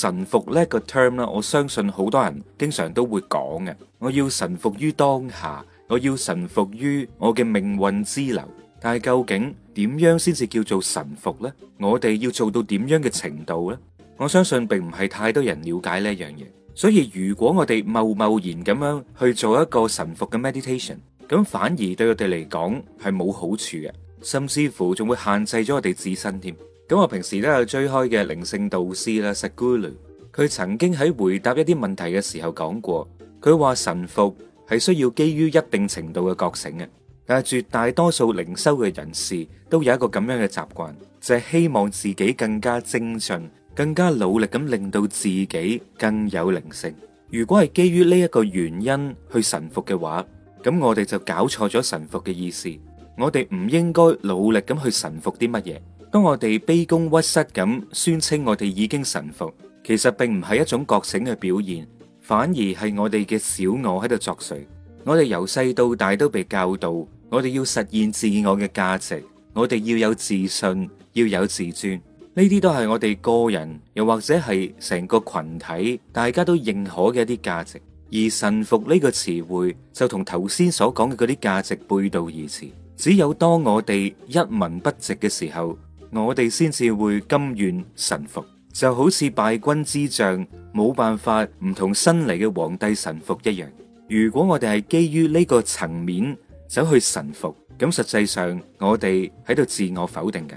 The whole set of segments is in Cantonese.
臣服呢個 term 啦，我相信好多人經常都會講嘅。我要臣服於當下，我要臣服於我嘅命運之流。但係究竟點樣先至叫做臣服呢？我哋要做到點樣嘅程度呢？我相信並唔係太多人了解呢一樣嘢。所以如果我哋貿貿然咁樣去做一個臣服嘅 meditation，咁反而對我哋嚟講係冇好處嘅，甚至乎仲會限制咗我哋自身添。咁我平時都有追開嘅靈性導師啦，實咕雷佢曾經喺回答一啲問題嘅時候講過，佢話臣服係需要基於一定程度嘅覺醒嘅，但係絕大多數靈修嘅人士都有一個咁樣嘅習慣，就係、是、希望自己更加精進，更加努力咁令到自己更有靈性。如果係基於呢一個原因去臣服嘅話，咁我哋就搞錯咗臣服嘅意思。我哋唔應該努力咁去臣服啲乜嘢。當我哋卑躬屈膝咁宣稱我哋已經臣服，其實並唔係一種覺醒嘅表現，反而係我哋嘅小我喺度作祟。我哋由細到大都被教導，我哋要實現自我嘅價值，我哋要有自信，要有自尊，呢啲都係我哋個人又或者係成個群體大家都認可嘅一啲價值。而臣服呢個詞彙就同頭先所講嘅嗰啲價值背道而馳。只有當我哋一文不值嘅時候，我哋先至會甘願臣服，就好似敗軍之將冇辦法唔同新嚟嘅皇帝臣服一樣。如果我哋係基於呢個層面走去臣服，咁實際上我哋喺度自我否定緊。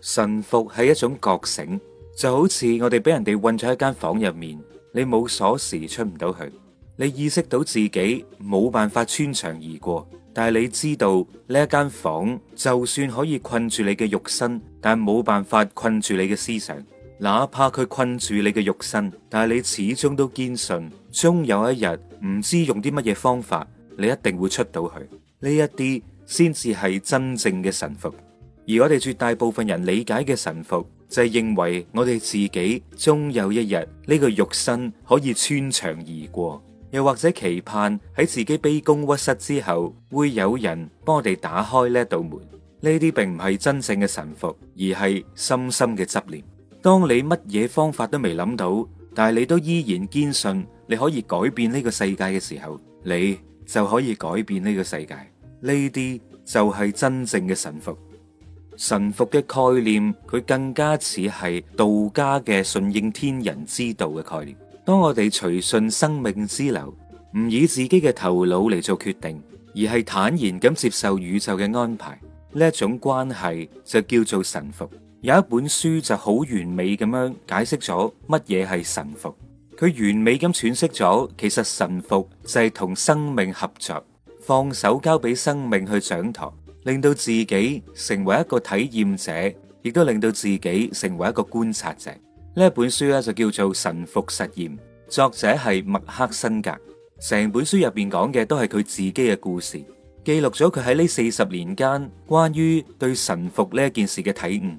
臣服係一種覺醒，就好似我哋俾人哋困咗一間房入面，你冇鎖匙出唔到去，你意識到自己冇辦法穿牆而過。但係你知道呢一間房就算可以困住你嘅肉身，但係冇辦法困住你嘅思想。哪怕佢困住你嘅肉身，但係你始終都堅信，終有一日唔知用啲乜嘢方法，你一定會出到去。呢一啲先至係真正嘅臣服。而我哋絕大部分人理解嘅臣服，就係、是、認為我哋自己終有一日呢、這個肉身可以穿牆而過。又或者期盼喺自己卑躬屈膝之後，會有人幫我哋打開呢道門。呢啲並唔係真正嘅臣服，而係深深嘅執念。當你乜嘢方法都未諗到，但係你都依然堅信你可以改變呢個世界嘅時候，你就可以改變呢個世界。呢啲就係真正嘅臣服。臣服嘅概念，佢更加似係道家嘅順應天人之道嘅概念。當我哋隨順生命之流，唔以自己嘅頭腦嚟做決定，而係坦然咁接受宇宙嘅安排，呢一種關係就叫做臣服。有一本書就好完美咁樣解釋咗乜嘢係臣服，佢完美咁詮釋咗，其實臣服就係同生命合作，放手交俾生命去掌舵，令到自己成為一個體驗者，亦都令到自己成為一個觀察者。呢本書咧，就叫做《臣服實驗》，作者係麥克辛格。成本書入邊講嘅都係佢自己嘅故事，記錄咗佢喺呢四十年間關於對臣服呢件事嘅體悟。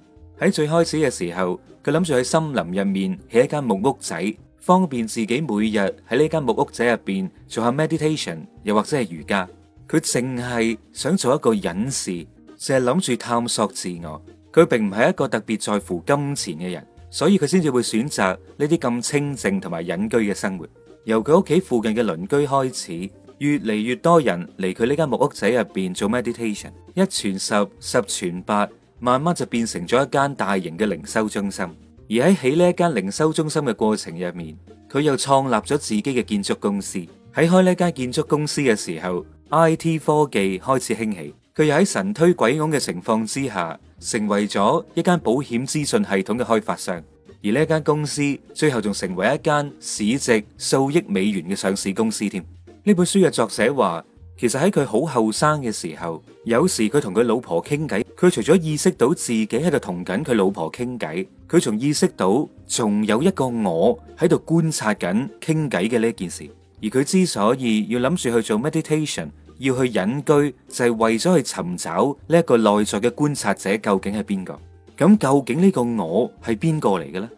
喺最開始嘅時候，佢諗住喺森林入面起一間木屋仔，方便自己每日喺呢間木屋仔入邊做下 meditation，又或者係瑜伽。佢淨係想做一個隱士，淨係諗住探索自我。佢並唔係一個特別在乎金錢嘅人。所以佢先至會選擇呢啲咁清靜同埋隱居嘅生活。由佢屋企附近嘅鄰居開始，越嚟越多人嚟佢呢間木屋仔入邊做 meditation，一傳十，十傳八，慢慢就變成咗一間大型嘅靈修中心。而喺起呢一間靈修中心嘅過程入面，佢又創立咗自己嘅建築公司。喺開呢間建築公司嘅時候，IT 科技開始興起，佢又喺神推鬼拱嘅情況之下。成為咗一間保險資訊系統嘅開發商，而呢間公司最後仲成為一間市值數億美元嘅上市公司添。呢本書嘅作者話，其實喺佢好後生嘅時候，有時佢同佢老婆傾偈，佢除咗意識到自己喺度同緊佢老婆傾偈，佢仲意識到仲有一個我喺度觀察緊傾偈嘅呢件事。而佢之所以要諗住去做 meditation。要去隱居就係為咗去尋找呢一個內在嘅觀察者究竟係邊個？咁究竟呢個我係邊個嚟嘅咧？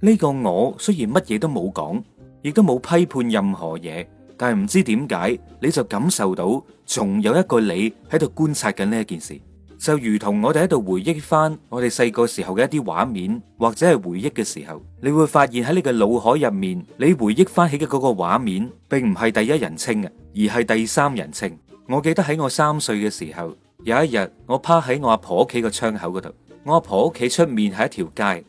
呢個我雖然乜嘢都冇講，亦都冇批判任何嘢，但係唔知點解你就感受到仲有一個你喺度觀察緊呢一件事，就如同我哋喺度回憶翻我哋細個時候嘅一啲畫面，或者係回憶嘅時候，你會發現喺你嘅腦海入面，你回憶翻起嘅嗰個畫面，並唔係第一人稱嘅，而係第三人稱。我記得喺我三歲嘅時候，有一日我趴喺我阿婆屋企個窗口嗰度，我阿婆屋企出面係一條街，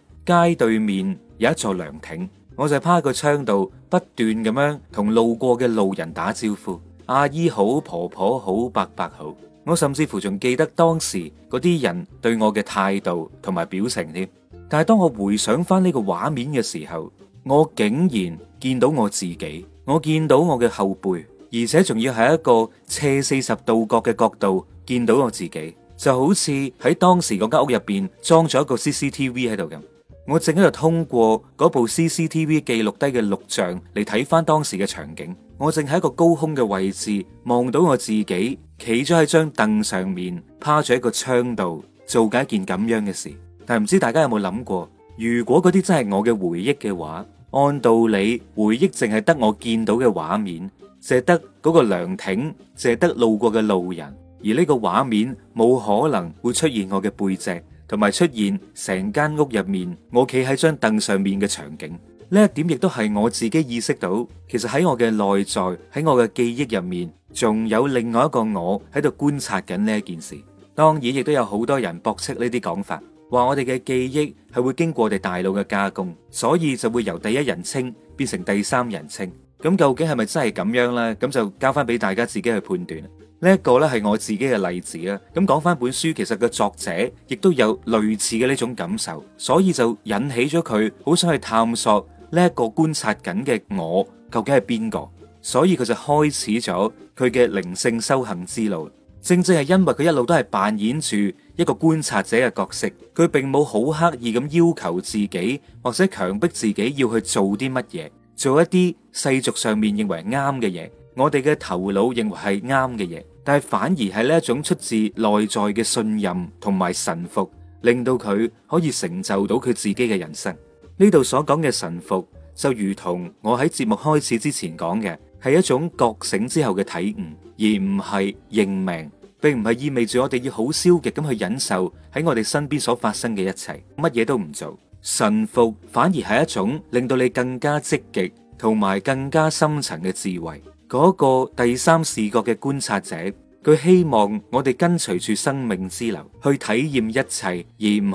街對面有一座涼亭，我就趴喺個窗度不斷咁樣同路過嘅路人打招呼，阿姨好，婆婆好，伯伯好，我甚至乎仲記得當時嗰啲人對我嘅態度同埋表情添。但係當我回想翻呢個畫面嘅時候，我竟然見到我自己，我見到我嘅後背。而且仲要喺一個斜四十度角嘅角度見到我自己，就好似喺當時嗰間屋入邊裝咗一個 CCTV 喺度咁。我正喺度通過嗰部 CCTV 記錄低嘅錄像嚟睇翻當時嘅場景。我正喺一個高空嘅位置望到我自己企咗喺張凳上面，趴咗喺個窗度做緊一件咁樣嘅事。但係唔知大家有冇諗過，如果嗰啲真係我嘅回憶嘅話，按道理回憶淨係得我見到嘅畫面。借得嗰個涼亭，借得路過嘅路人，而呢個畫面冇可能會出現我嘅背脊，同埋出現成間屋入面我企喺張凳上面嘅場景。呢一點亦都係我自己意識到，其實喺我嘅內在，喺我嘅記憶入面，仲有另外一個我喺度觀察緊呢一件事。當然，亦都有好多人駁斥呢啲講法，話我哋嘅記憶係會經過我哋大腦嘅加工，所以就會由第一人稱變成第三人稱。咁究竟係咪真係咁樣呢？咁就交翻俾大家自己去判斷。這個、呢一個呢係我自己嘅例子啦。咁講翻本書，其實個作者亦都有類似嘅呢種感受，所以就引起咗佢好想去探索呢一個觀察緊嘅我究竟係邊個？所以佢就開始咗佢嘅靈性修行之路。正正係因為佢一路都係扮演住一個觀察者嘅角色，佢並冇好刻意咁要求自己或者強迫自己要去做啲乜嘢。做一啲世俗上面認為啱嘅嘢，我哋嘅頭腦認為係啱嘅嘢，但係反而係呢一種出自內在嘅信任同埋臣服，令到佢可以成就到佢自己嘅人生。呢度所講嘅臣服，就如同我喺節目開始之前講嘅，係一種覺醒之後嘅體悟，而唔係認命，並唔係意味住我哋要好消極咁去忍受喺我哋身邊所發生嘅一切，乜嘢都唔做。臣服反而係一種令到你更加積極同埋更加深層嘅智慧。嗰個第三視角嘅觀察者，佢希望我哋跟隨住生命之流去體驗一切，而唔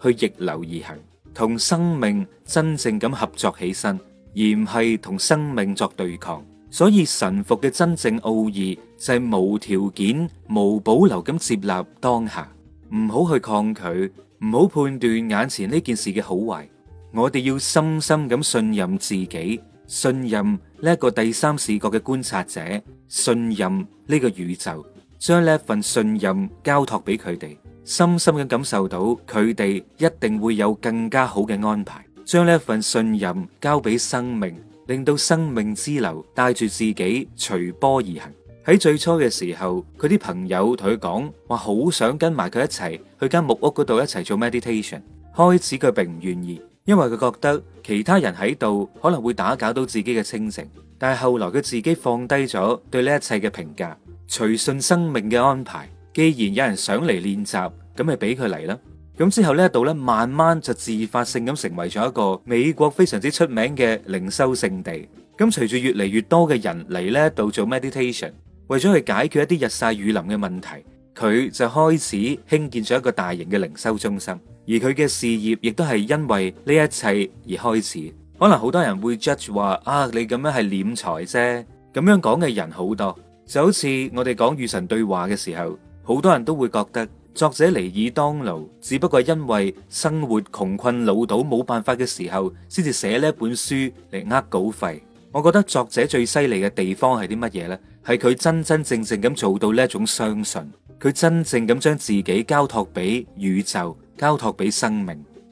好去逆流而行，同生命真正咁合作起身，而唔係同生命作對抗。所以，臣服嘅真正奧義就係無條件、無保留咁接納當下，唔好去抗拒。唔好判斷眼前呢件事嘅好壞，我哋要深深咁信任自己，信任呢個第三視角嘅觀察者，信任呢個宇宙，將呢份信任交託俾佢哋，深深咁感受到佢哋一定會有更加好嘅安排，將呢份信任交俾生命，令到生命之流帶住自己隨波而行。喺最初嘅時候，佢啲朋友同佢講話，好想跟埋佢一齊去一間木屋嗰度一齊做 meditation。開始佢並唔願意，因為佢覺得其他人喺度可能會打攪到自己嘅清醒。但係後來佢自己放低咗對呢一切嘅評價，隨順生命嘅安排。既然有人想嚟練習，咁咪俾佢嚟囉。咁之後呢一度呢，慢慢就自發性咁成為咗一個美國非常之出名嘅靈修聖地。咁隨住越嚟越多嘅人嚟呢度做 meditation。為咗去解決一啲日曬雨淋嘅問題，佢就開始興建咗一個大型嘅靈修中心。而佢嘅事業亦都係因為呢一切而開始。可能好多人會 judge 話啊，你咁樣係斂財啫。咁樣講嘅人好多，就好似我哋講與神對話嘅時候，好多人都會覺得作者尼爾當勞只不過係因為生活窮困潦倒冇辦法嘅時候，先至寫呢本書嚟呃稿費。我覺得作者最犀利嘅地方係啲乜嘢呢？係佢真真正正咁做到呢一種相信，佢真正咁將自己交託俾宇宙，交託俾生命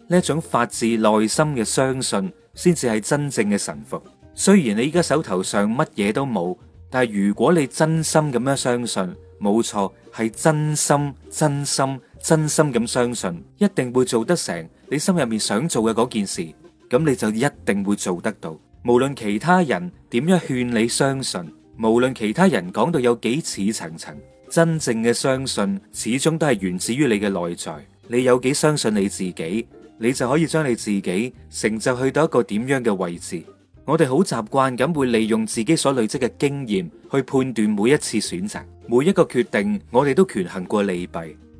呢一種發自內心嘅相信，先至係真正嘅臣服。雖然你依家手頭上乜嘢都冇，但係如果你真心咁樣相信，冇錯，係真心、真心、真心咁相信，一定會做得成你心入面想做嘅嗰件事，咁你就一定會做得到。無論其他人點樣勸你相信，無論其他人講到有幾似層層，真正嘅相信始終都係源自於你嘅內在。你有幾相信你自己，你就可以將你自己成就去到一個點樣嘅位置。我哋好習慣咁會利用自己所累積嘅經驗去判斷每一次選擇，每一個決定，我哋都權衡過利弊，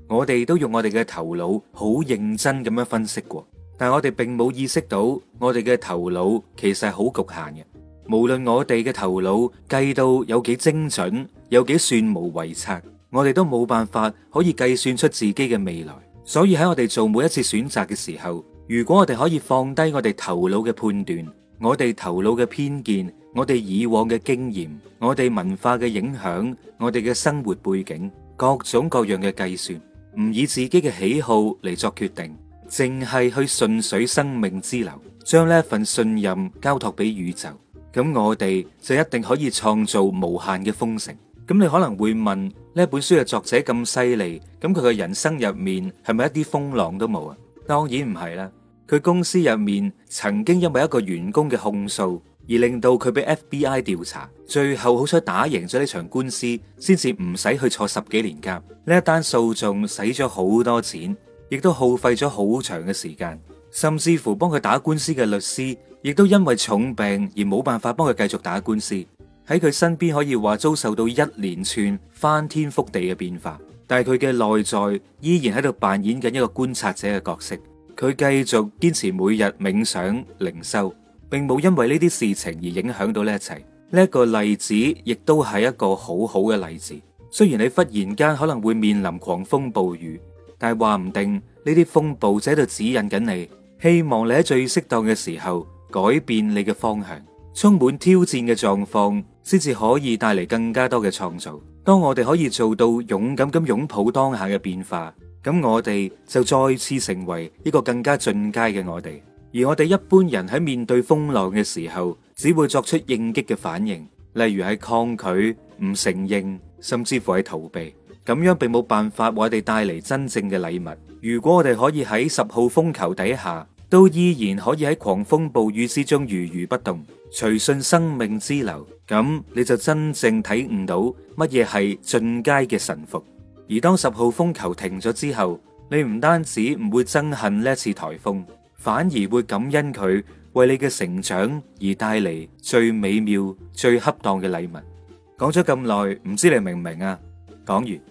我哋都用我哋嘅頭腦好認真咁樣分析過。但係我哋並冇意識到，我哋嘅頭腦其實係好局限嘅。無論我哋嘅頭腦計到有幾精準，有幾算無遺策，我哋都冇辦法可以計算出自己嘅未來。所以喺我哋做每一次選擇嘅時候，如果我哋可以放低我哋頭腦嘅判斷，我哋頭腦嘅偏見，我哋以往嘅經驗，我哋文化嘅影響，我哋嘅生活背景，各種各樣嘅計算，唔以自己嘅喜好嚟作決定。淨係去順水生命之流，將呢份信任交託俾宇宙，咁我哋就一定可以創造無限嘅豐盛。咁你可能會問，呢本書嘅作者咁犀利，咁佢嘅人生入面係咪一啲風浪都冇啊？當然唔係啦，佢公司入面曾經因為一個員工嘅控訴而令到佢俾 FBI 調查，最後好彩打贏咗呢場官司，先至唔使去坐十幾年監。呢一單訴訟使咗好多錢。亦都耗費咗好長嘅時間，甚至乎幫佢打官司嘅律師，亦都因為重病而冇辦法幫佢繼續打官司。喺佢身邊可以話遭受到一連串翻天覆地嘅變化，但係佢嘅內在依然喺度扮演緊一個觀察者嘅角色。佢繼續堅持每日冥想、靈修，並冇因為呢啲事情而影響到呢一切。呢一個例子亦都係一個好好嘅例子。雖然你忽然間可能會面臨狂風暴雨。但係話唔定呢啲風暴喺度指引緊你，希望你喺最適當嘅時候改變你嘅方向。充滿挑戰嘅狀況，先至可以帶嚟更加多嘅創造。當我哋可以做到勇敢咁擁抱當下嘅變化，咁我哋就再次成為一個更加進階嘅我哋。而我哋一般人喺面對風浪嘅時候，只會作出應激嘅反應，例如係抗拒、唔承認，甚至乎喺逃避。咁樣並冇辦法為我哋帶嚟真正嘅禮物。如果我哋可以喺十號風球底下，都依然可以喺狂風暴雨之中如如不動，隨順生命之流，咁你就真正睇唔到乜嘢係進階嘅臣服。而當十號風球停咗之後，你唔單止唔會憎恨呢次台風，反而會感恩佢為你嘅成長而帶嚟最美妙、最恰當嘅禮物。講咗咁耐，唔知你明唔明啊？講完。